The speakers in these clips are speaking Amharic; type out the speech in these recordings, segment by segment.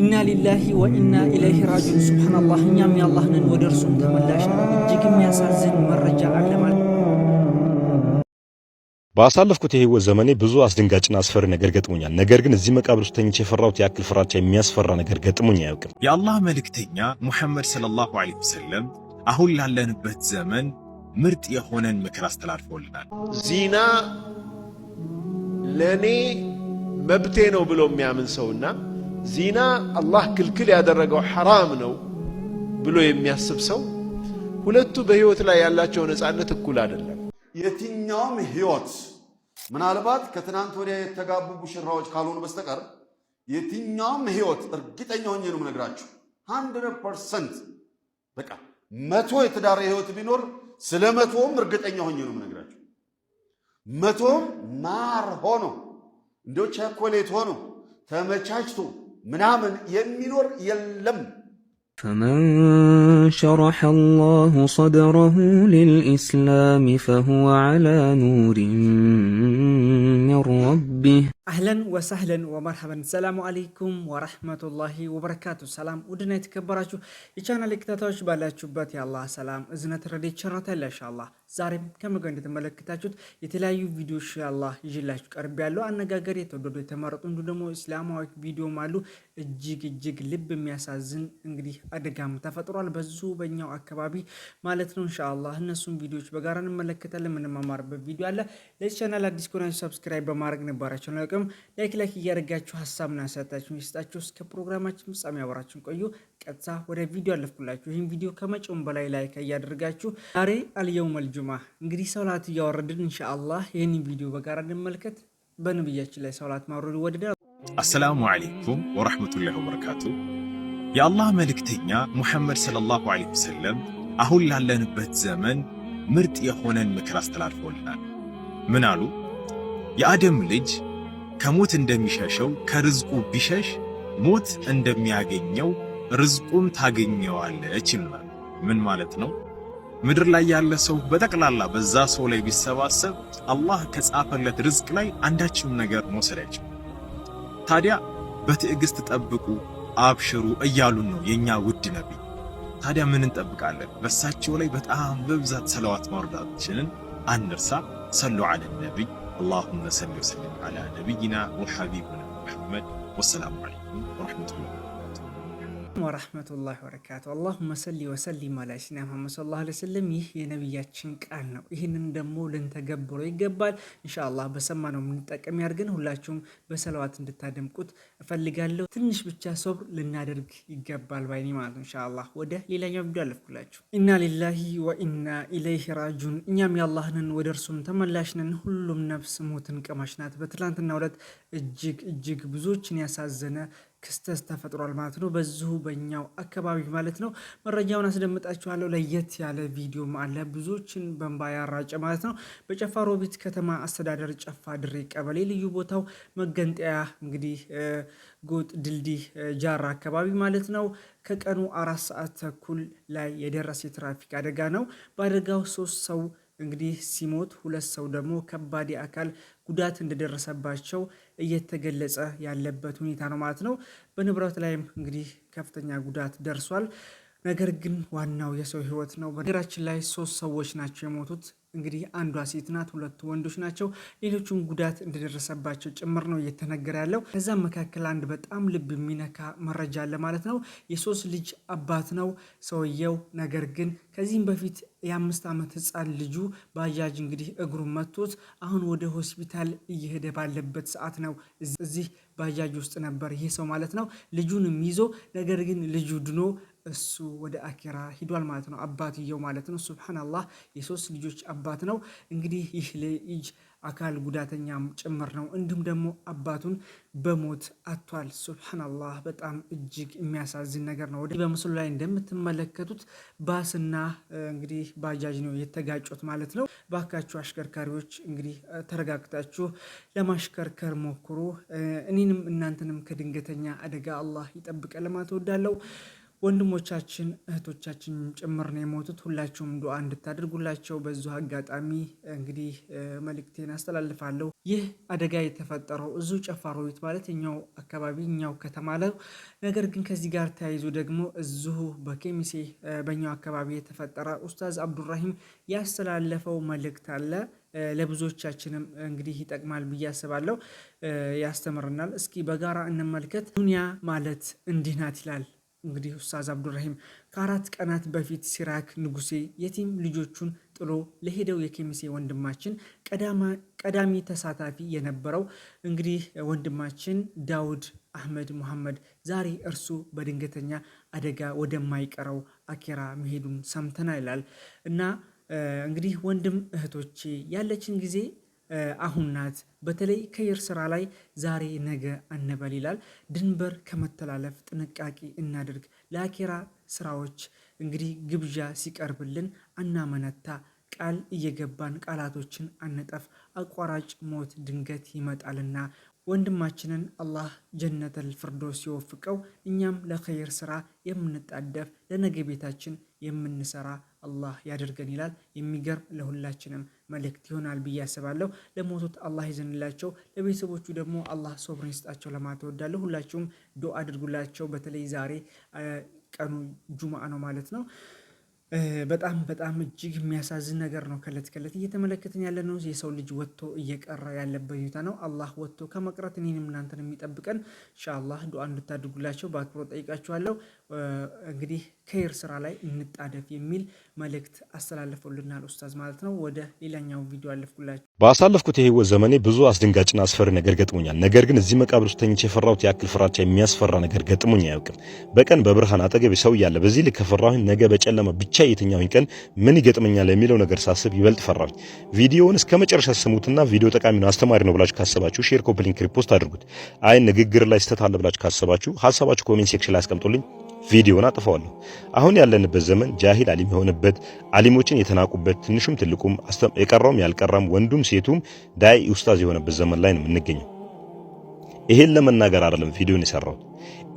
ኢና ሊላሂ ወኢና ኢለይህ ራጂዑን። ሱብሓነላህ እኛም የአላህ ነን፣ ወደ እርሱም ተመላሽ ነው። እጅግ የሚያሳዝን መረጃ አለ ባሳለፍኩት የህይወት ዘመኔ ብዙ አስደንጋጭና አስፈሪ ነገር ገጥሞኛል። ነገር ግን እዚህ መቃብር ውስጥ ተኝቼ የፈራሁት ያክል ፍራቻ የሚያስፈራ ነገር ገጥሞኝ አያውቅም። የአላህ መልእክተኛ ሙሐመድ ሰለላሁ ዐለይሂ ወሰለም አሁን ላለንበት ዘመን ምርጥ የሆነን ምክር አስተላልፎልናል። ዚና ለኔ መብቴ ነው ብሎ የሚያምን ሰውና ዚና አላህ ክልክል ያደረገው ሐራም ነው ብሎ የሚያስብ ሰው ሁለቱ በህይወት ላይ ያላቸው ነፃነት እኩል አይደለም። የትኛውም ህይወት ምናልባት ከትናንት ወዲያ የተጋቡ ሙሽራዎች ካልሆኑ በስተቀር የትኛውም ህይወት እርግጠኛ ሆኜ ነው የምነግራችሁ፣ ሀንድረድ ፐርሰንት በቃ መቶ የተዳረ ህይወት ቢኖር ስለ መቶም እርግጠኛ ሆኜ ነው የምነግራችሁ። መቶም ማር ሆኖ እንደው ቸኮሌት ሆኖ ተመቻችቶ ምናምን የሚኖር የለም። فمن شرح الله صدره للإسلام فهو على نور من ربه አህለን ወሰህለን ወመርሐበን ሰላሙ አለይኩም ወረህመቱላሂ ወበረካቱ። ሰላም ውድና የተከበራችሁ የቻናል ተከታታዮች ባላችሁበት የአላህ ሰላም እዝነት ረድኤት ቸርነት ያለሻአላህ ዛሬም ከምገን እንደተመለከታችሁት የተለያዩ ቪዲዮዎች ያላህ ይዤላችሁ ቀርብ ያለው አነጋገር የተወደዱ የተመረጡ እንዲሁ ደግሞ እስላማዊ ቪዲዮም አሉ። እጅግ እጅግ ልብ የሚያሳዝን እንግዲህ አደጋም ተፈጥሯል በዙ በኛው አካባቢ ማለት ነው። እንሻአላህ እነሱን ቪዲዮዎች በጋራ እንመለከታለን። የምንማማርበት ቪዲዮ አለ። ለዚህ ቻናል አዲስ ከሆናችሁ ሰብስክራይብ በማድረግ ነበራቸው አልጠብቅም። ላይክ ላይክ እያደረጋችሁ ሀሳብና አስተያየታችሁን ይስጣችሁ። እስከ ፕሮግራማችን ፍጻሜ አብራችሁን ቆዩ። ቀጥታ ወደ ቪዲዮ አለፍኩላችሁ። ይህን ቪዲዮ ከመቼውም በላይ ላይክ እያደርጋችሁ ዛሬ አልየውመል ጁማ እንግዲህ ሰውላት እያወረድን እንሻአላህ ይህን ቪዲዮ በጋራ እንመልከት። በነብያችን ላይ ሰውላት ማውረዱ ይወደዳል። አሰላሙ አለይኩም ወራህመቱላሂ ወበረካቱ። የአላህ መልእክተኛ ሙሐመድ ሰለላሁ ዐለይሂ ወሰለም አሁን ላለንበት ዘመን ምርጥ የሆነን ምክር አስተላልፎልናል። ምን አሉ? የአደም ልጅ ከሞት እንደሚሸሸው ከርዝቁ ቢሸሽ ሞት እንደሚያገኘው ርዝቁም ታገኘዋለች ይላል። ምን ማለት ነው? ምድር ላይ ያለ ሰው በጠቅላላ በዛ ሰው ላይ ቢሰባሰብ አላህ ከጻፈለት ርዝቅ ላይ አንዳችም ነገር መውሰድ አይችልም። ታዲያ በትዕግስት ጠብቁ፣ አብሽሩ እያሉን ነው የኛ ውድ ነቢይ። ታዲያ ምን እንጠብቃለን? በእሳቸው ላይ በጣም በብዛት ሰለዋት ማውረዳችንን አንርሳ። ሰሉ አለ ነቢይ اللهم صل وسلم على نبينا وحبيبنا محمد والسلام عليكم ورحمة الله ወራህመቱላሂ ወበረካቱ አላሁመ ሰሊ ወሰሊም አላ ሲና ሙሐመድ ሰለላሁ ዐለይሂ ወሰለም። ይህ የነቢያችን ቃል ነው። ይህንን ደግሞ ልንተገብሮ ይገባል። በሰማ ነው የምንጠቀም ያድርገን። ሁላችሁም በሰለዋት እንድታደምቁት እፈልጋለሁ። ትንሽ ብቻ ሶብር ልናደርግ ይገባል ባይኔ ማለት ነው። ኢንሻአላህ ወደ ሌላኛው ቪዲዮ አለፍኩላችሁ። ኢና ሊላሂ ወኢና ኢለይህ ራጁን። እኛም የአላህንን ወደ እርሱም ተመላሽነን። ሁሉም ነፍስ ሞትን ቀማሽ ናት። በትላንትና ዕለት እጅግ እጅግ ብዙዎችን ያሳዘነ ክስተት ተፈጥሯል ማለት ነው። በዚሁ በኛው አካባቢ ማለት ነው። መረጃውን አስደምጣችኋለሁ። ለየት ያለ ቪዲዮም አለ ብዙዎችን በንባ ያራጨ ማለት ነው። በጨፋ ሮቢት ከተማ አስተዳደር ጨፋ ድሬ ቀበሌ ልዩ ቦታው መገንጠያ እንግዲህ ጎጥ ድልድይ ጃራ አካባቢ ማለት ነው። ከቀኑ አራት ሰዓት ተኩል ላይ የደረሰ የትራፊክ አደጋ ነው። በአደጋው ሶስት ሰው እንግዲህ ሲሞት ሁለት ሰው ደግሞ ከባድ የአካል ጉዳት እንደደረሰባቸው እየተገለጸ ያለበት ሁኔታ ነው ማለት ነው። በንብረት ላይም እንግዲህ ከፍተኛ ጉዳት ደርሷል። ነገር ግን ዋናው የሰው ህይወት ነው። በነገራችን ላይ ሶስት ሰዎች ናቸው የሞቱት። እንግዲህ አንዷ ሴት ናት፣ ሁለቱ ወንዶች ናቸው። ሌሎቹን ጉዳት እንደደረሰባቸው ጭምር ነው እየተነገረ ያለው። ከዛም መካከል አንድ በጣም ልብ የሚነካ መረጃ አለ ማለት ነው። የሶስት ልጅ አባት ነው ሰውየው። ነገር ግን ከዚህም በፊት የአምስት ዓመት ህፃን ልጁ ባጃጅ እንግዲህ እግሩን መቶት አሁን ወደ ሆስፒታል እየሄደ ባለበት ሰዓት ነው እዚህ ባጃጅ ውስጥ ነበር ይሄ ሰው ማለት ነው ልጁንም ይዞ ነገር ግን ልጁ ድኖ እሱ ወደ አኪራ ሂዷል ማለት ነው። አባትየው ማለት ነው። ሱብሓነላህ የሶስት ልጆች አባት ነው። እንግዲህ ይህ ልጅ አካል ጉዳተኛም ጭምር ነው። እንዲሁም ደግሞ አባቱን በሞት አቷል። ሱብሓነላህ በጣም እጅግ የሚያሳዝን ነገር ነው። በምስሉ ላይ እንደምትመለከቱት ባስና እንግዲህ ባጃጅ ነው የተጋጩት ማለት ነው። ባካችሁ አሽከርካሪዎች እንግዲህ ተረጋግታችሁ ለማሽከርከር ሞክሩ። እኔንም እናንተንም ከድንገተኛ አደጋ አላህ ይጠብቀ ለማለት ወዳለው ወንድሞቻችን እህቶቻችን ጭምር ነው የሞቱት። ሁላችሁም ዱዓ እንድታደርጉላቸው በዙ አጋጣሚ እንግዲህ መልእክቴን አስተላልፋለሁ። ይህ አደጋ የተፈጠረው እዙ ጨፋሮዊት ማለት እኛው አካባቢ እኛው ከተማ ለው ነገር ግን ከዚህ ጋር ተያይዞ ደግሞ እዚሁ በኬሚሴ በኛው አካባቢ የተፈጠረ ኡስታዝ አብዱራሂም ያስተላለፈው መልእክት አለ። ለብዙዎቻችንም እንግዲህ ይጠቅማል ብዬ አስባለሁ፣ ያስተምርናል። እስኪ በጋራ እንመልከት። ዱንያ ማለት እንዲህ ናት ይላል እንግዲህ ኡስታዝ አብዱራሂም ከአራት ቀናት በፊት ሲራክ ንጉሴ የቲም ልጆቹን ጥሎ ለሄደው የኬሚሴ ወንድማችን ቀዳሚ ተሳታፊ የነበረው እንግዲህ ወንድማችን ዳውድ አህመድ ሙሐመድ ዛሬ እርሱ በድንገተኛ አደጋ ወደማይቀረው አኬራ መሄዱን ሰምተና ይላል እና እንግዲህ ወንድም እህቶቼ ያለችን ጊዜ አሁን ናት። በተለይ ከየር ስራ ላይ ዛሬ ነገ አንበል ይላል። ድንበር ከመተላለፍ ጥንቃቄ እናድርግ። ለአኬራ ስራዎች እንግዲህ ግብዣ ሲቀርብልን አናመነታ። ቃል እየገባን ቃላቶችን አነጠፍ። አቋራጭ ሞት ድንገት ይመጣልና ወንድማችንን አላህ ጀነተል ፍርዶስ ሲወፍቀው እኛም ለኸይር ስራ የምንጣደፍ ለነገ ቤታችን የምንሰራ አላህ ያደርገን ይላል። የሚገርም ለሁላችንም መልእክት ይሆናል ብዬ አስባለሁ። ለሞቱት አላህ ይዘንላቸው፣ ለቤተሰቦቹ ደግሞ አላህ ሶብርን ይስጣቸው ለማለት እወዳለሁ። ሁላችሁም ዱአ አድርጉላቸው። በተለይ ዛሬ ቀኑ ጁምአ ነው ማለት ነው። በጣም በጣም እጅግ የሚያሳዝን ነገር ነው። ከለት ከለት እየተመለከትን ያለ ነው። የሰው ልጅ ወጥቶ እየቀረ ያለበት ሁኔታ ነው። አላህ ወጥቶ ከመቅረት እኔንም እናንተን የሚጠብቀን ኢንሻአላህ ዱአ እንድታድርጉላቸው በአክብሮ ጠይቃችኋለሁ። እንግዲህ ከይር ስራ ላይ እንጣደፍ የሚል መልእክት አስተላልፈውልናል ኡስታዝ ማለት ነው። ወደ ሌላኛው ቪዲዮ አለፍኩላችሁ። ባሳለፍኩት የህይወት ዘመኔ ብዙ አስደንጋጭና አስፈሪ ነገር ገጥሞኛል። ነገር ግን እዚህ መቃብር ውስጥ ተኝቼ የፈራሁት ያክል ፍራቻ የሚያስፈራ ነገር ገጥሞኝ አያውቅም። በቀን በብርሃን አጠገብ ሰው እያለ በዚህ ልክ ከፈራሁኝ ነገ በጨለማ ብቻ የተኛሁኝ ቀን ምን ይገጥመኛል የሚለው ነገር ሳስብ ይበልጥ ፈራሁኝ። ቪዲዮውን እስከ መጨረሻ ስሙትና ቪዲዮ ጠቃሚ ነው አስተማሪ ነው ብላችሁ ካሰባችሁ ሼር፣ ኮፒ ሊንክ፣ ሪፖስት አድርጉት። አይ ንግግር ላይ ስተት አለ ብላችሁ ካሰባችሁ ሀሳባችሁ ኮሜንት ሴክሽን ላይ አስቀምጡልኝ። ቪዲዮን አጥፈዋለሁ። አሁን ያለንበት ዘመን ጃሂል አሊም የሆነበት አሊሞችን የተናቁበት ትንሹም ትልቁም የቀረውም ያልቀረም ወንዱም ሴቱም ዳይ ኡስታዝ የሆነበት ዘመን ላይ ነው የምንገኘው። ይሄን ለመናገር አይደለም ቪዲዮን የሰራሁት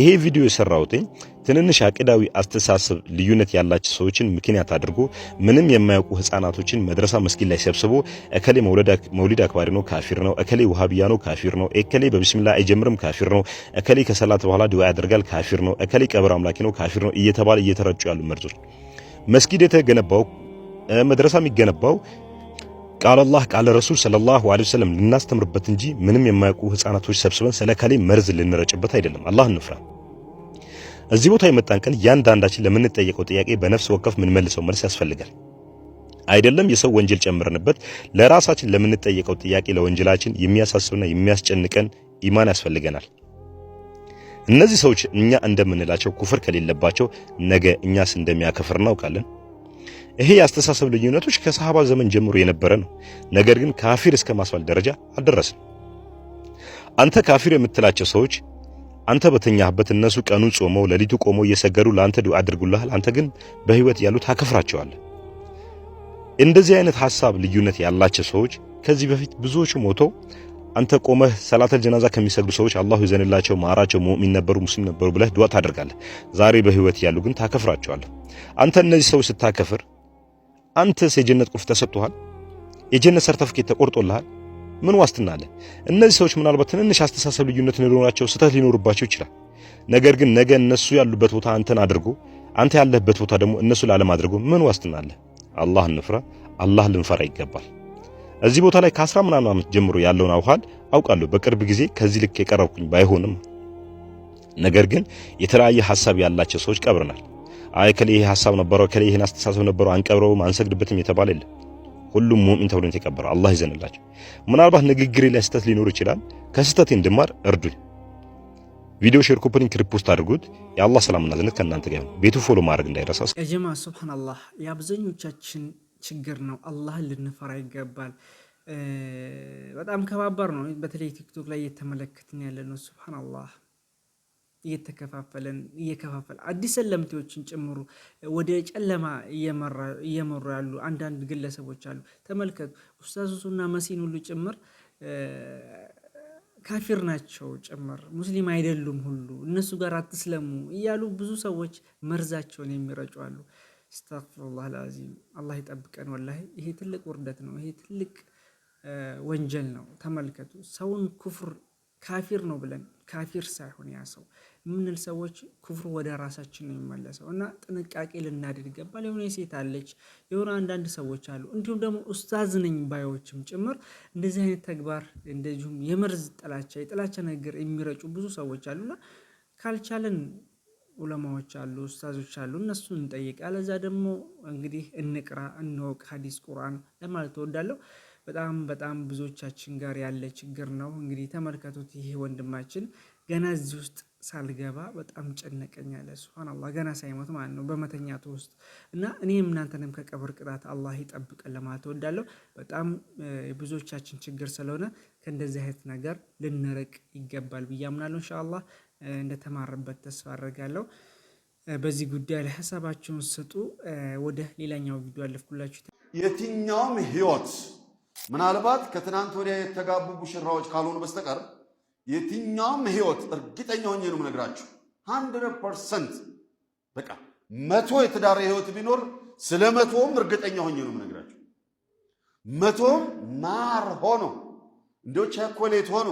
ይሄ ቪዲዮ የሰራሁትኝ ትንንሽ አቅዳዊ አስተሳሰብ ልዩነት ያላቸው ሰዎችን ምክንያት አድርጎ ምንም የማያውቁ ህፃናቶችን መድረሳ መስጊድ ላይ ሰብስቦ እከሌ መውሊድ አክባሪ ነው ካፊር ነው፣ እከሌ ውሃብያ ነው ካፊር ነው፣ እከሌ በብስሚላ አይጀምርም ካፊር ነው፣ እከሌ ከሰላት በኋላ ዱዓ ያደርጋል ካፊር ነው፣ እከሌ ቀብር አምላኪ ነው ካፊር ነው እየተባለ እየተረጩ ያሉ መርዞች መስጊድ የተገነባው መድረሳ የሚገነባው ቃል አላህ ቃል ረሱል ሰለላሁ ዐለይሂ ወሰለም ልናስተምርበት እንጂ ምንም የማያውቁ ህፃናቶች ሰብስበን ስለ ከሌ መርዝ ልንረጭበት አይደለም። አላህ እንፍራ። እዚህ ቦታ የመጣን ቀን እያንዳንዳችን ለምንጠየቀው ጥያቄ በነፍስ ወከፍ ምንመልሰው መልስ ያስፈልጋል። አይደለም የሰው ወንጀል ጨምረንበት ለራሳችን ለምንጠየቀው ጥያቄ ለወንጀላችን የሚያሳስብና የሚያስጨንቀን ኢማን ያስፈልገናል። እነዚህ ሰዎች እኛ እንደምንላቸው ኩፍር ከሌለባቸው ነገ እኛስ እንደሚያከፍር እናውቃለን። ይሄ የአስተሳሰብ ልዩነቶች ከሰሃባ ዘመን ጀምሮ የነበረ ነው። ነገር ግን ካፊር እስከ ማስባል ደረጃ አልደረስም። አንተ ካፊር የምትላቸው ሰዎች አንተ በተኛህበት እነሱ ቀኑ ጾመው ሌሊቱ ቆመው እየሰገዱ ለአንተ ዱዓ አድርጉልሃል። አንተ ግን በህይወት ያሉት ታከፍራቸዋለህ። እንደዚህ አይነት ሐሳብ ልዩነት ያላቸው ሰዎች ከዚህ በፊት ብዙዎቹ ሞተው አንተ ቆመህ ሰላተል ጀናዛ ከሚሰግዱ ሰዎች አላሁ ይዘንላቸው ማራቸው ሙእሚን ነበሩ ሙስሊም ነበሩ ብለህ ዱዓ ታደርጋለህ። ዛሬ በህይወት ያሉ ግን ታከፍራቸዋለህ። አንተ እነዚህ ሰዎች ስታከፍር አንተስ የጀነት ቁልፍ ተሰጥቶሃል? የጀነት ሰርተፍኬት ተቆርጦልሃል? ምን ዋስትና አለ? እነዚህ ሰዎች ምናልባት ትንንሽ አስተሳሰብ ልዩነት ሊኖራቸው ስህተት ሊኖርባቸው ይችላል። ነገር ግን ነገ እነሱ ያሉበት ቦታ አንተን አድርጎ አንተ ያለህበት ቦታ ደግሞ እነሱ ላለም አድርጎ ምን ዋስትና አለ? አላህ እንፍራ። አላህ ልንፈራ ይገባል። እዚህ ቦታ ላይ ከአስራ ምናምን ዓመት ጀምሮ ያለውን አውሃል አውቃለሁ። በቅርብ ጊዜ ከዚህ ልክ የቀረብኩኝ ባይሆንም ነገር ግን የተለያየ ሀሳብ ያላቸው ሰዎች ቀብረናል። አይ ከሌ ይሄ ሀሳብ ነበረው ከሌ ይሄን አስተሳሰብ ነበረው አንቀብረውም፣ አንሰግድበትም የተባለ የለም። ሁሉም ሙእሚን ተብሎ የተቀበረ አላህ ይዘንላቸው። ምናልባት ንግግሬ ላይ ስህተት ሊኖር ይችላል። ከስህተቴ እንድማር እርዱኝ። ቪዲዮ ሼር፣ ኮፒ ሊንክ፣ ሪፖስት አድርጉት። የአላህ ሰላምና ዝነት ከእናንተ ጋር ይሁን። ቤቱ ፎሎ ማድረግ እንዳይረሳ። ጀማ ሱብሃንአላህ የአብዛኞቻችን ችግር ነው። አላህን ልንፈራ ይገባል። በጣም ከባባር ነው። በተለይ ቲክቶክ ላይ እየተመለከትን ያለ ነው። ሱብሃነላህ እየተከፋፈለን እየከፋፈል አዲስ ሰለምቴዎችን ጭምሩ ወደ ጨለማ እየመሩ ያሉ አንዳንድ ግለሰቦች አሉ። ተመልከቱ። ኡስታዙና መሲን ሁሉ ጭምር ካፊር ናቸው ጭምር ሙስሊም አይደሉም ሁሉ እነሱ ጋር አትስለሙ እያሉ ብዙ ሰዎች መርዛቸውን የሚረጩ አሉ። አስተግፊሩላህ አልዓዚም አላህ ይጠብቀን። ወላሂ ይሄ ትልቅ ውርደት ነው። ይሄ ትልቅ ወንጀል ነው። ተመልከቱ ሰውን ኩፍር ካፊር ነው ብለን ካፊር ሳይሆን ያ ሰው የምንል ሰዎች ኩፍሩ ወደ ራሳችን ነው የሚመለሰው እና ጥንቃቄ ልናድር ይገባል። የሆነ የሴት አለች የሆነ አንዳንድ ሰዎች አሉ፣ እንዲሁም ደግሞ ኡስታዝ ነኝ ባዮችም ጭምር እንደዚህ አይነት ተግባር እንደዚሁም የመርዝ ጥላቻ የጥላቻ ነገር የሚረጩ ብዙ ሰዎች አሉና ካልቻለን ዑለማዎች አሉ፣ ኡስታዞች አሉ። እነሱን እንጠይቅ። ያለዛ ደግሞ እንግዲህ እንቅራ፣ እንወቅ ሀዲስ ቁርአን ለማለት እወዳለሁ። በጣም በጣም ብዙዎቻችን ጋር ያለ ችግር ነው። እንግዲህ ተመልከቱት። ይሄ ወንድማችን ገና እዚህ ውስጥ ሳልገባ በጣም ጨነቀኝ አለ። ሱብሃነላህ ገና ሳይሞት ማለት ነው በመተኛቱ ውስጥ እና እኔም እናንተንም ከቀብር ቅጣት አላህ ይጠብቀን ለማለት እወዳለሁ። በጣም ብዙዎቻችን ችግር ስለሆነ ከእንደዚህ አይነት ነገር ልንርቅ ይገባል ብዬ አምናለሁ። ኢንሻአላህ እንደተማረበት ተስፋ አድርጋለሁ። በዚህ ጉዳይ ላይ ሀሳባቸውን ስጡ። ወደ ሌላኛው ቪዲዮ አለፍኩላችሁ። የትኛውም ህይወት ምናልባት ከትናንት ወዲያ የተጋቡ ሙሽራዎች ካልሆኑ በስተቀር የትኛውም ህይወት እርግጠኛ ሆኜ ነው የምነግራችሁ፣ ሀንድረድ ፐርሰንት በቃ መቶ የተዳረ ህይወት ቢኖር ስለ መቶም እርግጠኛ ሆኜ ነው የምነግራችሁ። መቶም ማር ሆኖ እንዲያው ቸኮሌት ሆኖ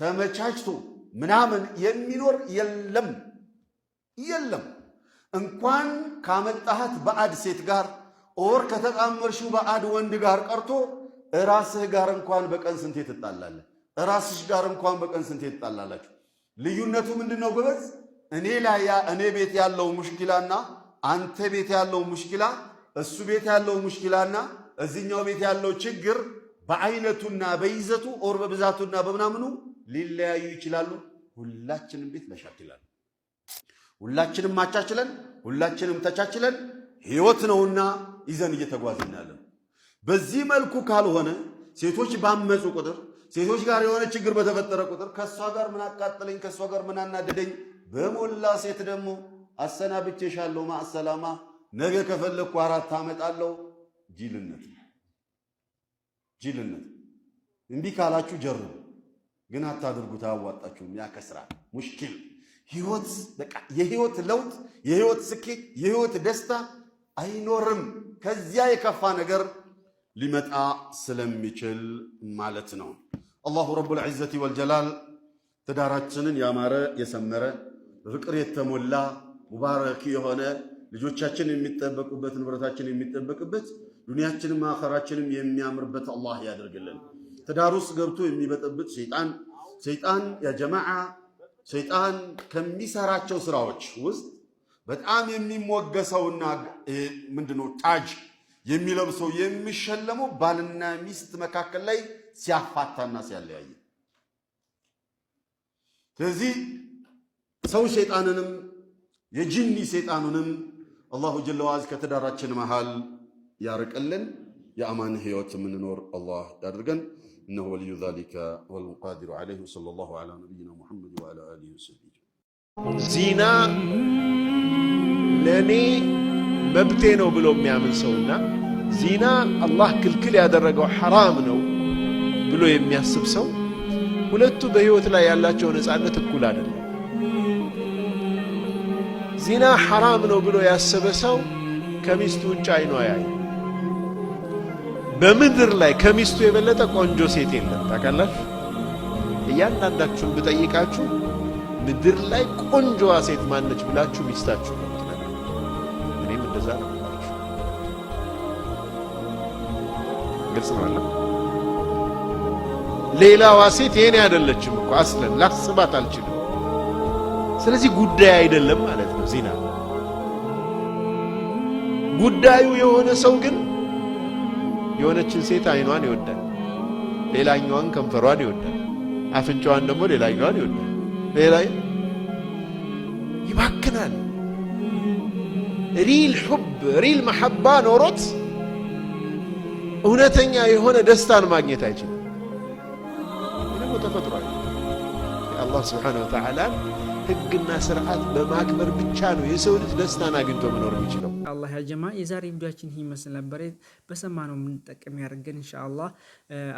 ተመቻችቶ ምናምን የሚኖር የለም የለም። እንኳን ካመጣሃት በአድ ሴት ጋር ኦር ከተጣመርሽው በአድ ወንድ ጋር ቀርቶ ራስህ ጋር እንኳን በቀን ስንቴ ትጣላለህ? ራስሽ ጋር እንኳን በቀን ስንቴ ትጣላላችሁ? ልዩነቱ ምንድን ነው? ጎበዝ እኔ ላይ እኔ ቤት ያለው ሙሽኪላና አንተ ቤት ያለው ሙሽኪላ፣ እሱ ቤት ያለው ሙሽኪላና እዚህኛው ቤት ያለው ችግር በአይነቱና በይዘቱ ኦር በብዛቱና በምናምኑ ሊለያዩ ይችላሉ። ሁላችንም ቤት መሻክል ሁላችንም ማቻችለን ሁላችንም ተቻችለን ህይወት ነውና ይዘን እየተጓዝን ያለን። በዚህ መልኩ ካልሆነ ሴቶች ባመፁ ቁጥር ሴቶች ጋር የሆነ ችግር በተፈጠረ ቁጥር ከእሷ ጋር ምን አቃጠለኝ፣ ከእሷ ጋር ምን አናደደኝ በሞላ ሴት ደግሞ አሰናብቼሻለሁ፣ ማሰላማ ነገ ከፈለግኩ አራት አመጣለሁ። ጅልነት ጅልነት። እንዲህ ካላችሁ ጀርቡ ግን አታድርጉት፣ አያዋጣችሁም፣ ያከስራል። ሙሽኪል ህይወት በቃ የህይወት ለውጥ፣ የህይወት ስኬት፣ የህይወት ደስታ አይኖርም። ከዚያ የከፋ ነገር ሊመጣ ስለሚችል ማለት ነው። አላሁ ረቡል ዒዘቲ ወልጀላል ትዳራችንን ያማረ የሰመረ በፍቅር የተሞላ ሙባረክ የሆነ ልጆቻችን የሚጠበቁበት ንብረታችን የሚጠበቅበት ዱንያችንም አኸራችንም የሚያምርበት አላህ ያደርግልን። ትዳር ውስጥ ገብቶ የሚበጠብጥ ሸይጣን ሸይጣን ያጀማዓ ሸይጣን ከሚሰራቸው ስራዎች ውስጥ በጣም የሚሞገሰውና ምንድነው ታጅ የሚለብሰው የሚሸለመው ባልና ሚስት መካከል ላይ ሲያፋታና ሲያለያየ። ስለዚህ ሰው ሸይጣንንም የጂኒ ሸይጣኑንም አላሁ ጀለ ወዐዝ ከትዳራችን መሃል ያርቅልን። የአማን ህይወት የምንኖር አላህ ያድርገን። إنه ولي ذلك والقادر عليه صلى الله على نبينا محمد وعلى آله وصحبه ዚና ለእኔ መብቴ ነው ብሎ የሚያምን ሰውና ዚና አላህ ክልክል ያደረገው ሐራም ነው ብሎ የሚያስብ ሰው ሁለቱ በሕይወት ላይ ያላቸው ነፃነት እኩል አይደለም። ዚና ሐራም ነው ብሎ ያሰበ ሰው ከሚስቱ ውጭ አይኗ ያይ በምድር ላይ ከሚስቱ የበለጠ ቆንጆ ሴት የለም። ታውቃላችሁ፣ እያንዳንዳችሁን ብጠይቃችሁ ምድር ላይ ቆንጆዋ ሴት ማነች ብላችሁ ሚስታችሁ ነው እኔም እንደዛ ነው። ግልጽ ነው። ሌላዋ ሴት የኔ አይደለችም እኮ አስለን ላስባት አልችልም። ስለዚህ ጉዳይ አይደለም ማለት ነው ዚና። ጉዳዩ የሆነ ሰው ግን የሆነችን ሴት አይኗን ይወዳል፣ ሌላኛዋን ከንፈሯን ይወዳል፣ አፍንጫዋን ደግሞ ሌላኛዋን ይወዳል። ሌላ ይባክናል። ሪል ሑብ ሪል መሐባ ኖሮት እውነተኛ የሆነ ደስታን ማግኘት አይችልም። ይህ ደግሞ ተፈጥሯል የአላህ ስብሓነሁ ወተዓላ ህግና ስርዓት በማክበር ብቻ ነው የሰው ልጅ ደስታን አግኝቶ መኖር የሚችለው። ኢንሻአላህ ያጀማ የዛሬ ቪዲዮችን ይመስል ነበር። በሰማነው የምንጠቀም ያደርገን። ኢንሻአላህ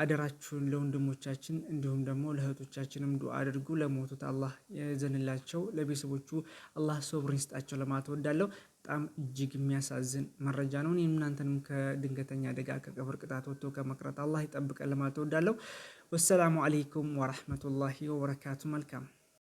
አደራችሁን ለወንድሞቻችን እንዲሁም ደግሞ ለእህቶቻችንም ዱ አድርጉ። ለሞቱት አላህ ዘንላቸው፣ ለቤተሰቦቹ አላህ ሶብር ይስጣቸው ለማለት ወዳለው በጣም እጅግ የሚያሳዝን መረጃ ነው። እናንተንም ከድንገተኛ አደጋ ከቀብር ቅጣት ወጥቶ ከመቅረት አላህ ይጠብቀን ለማለት ወዳለው። ወሰላሙ አለይኩም ወረሕመቱላሂ ወበረካቱ። መልካም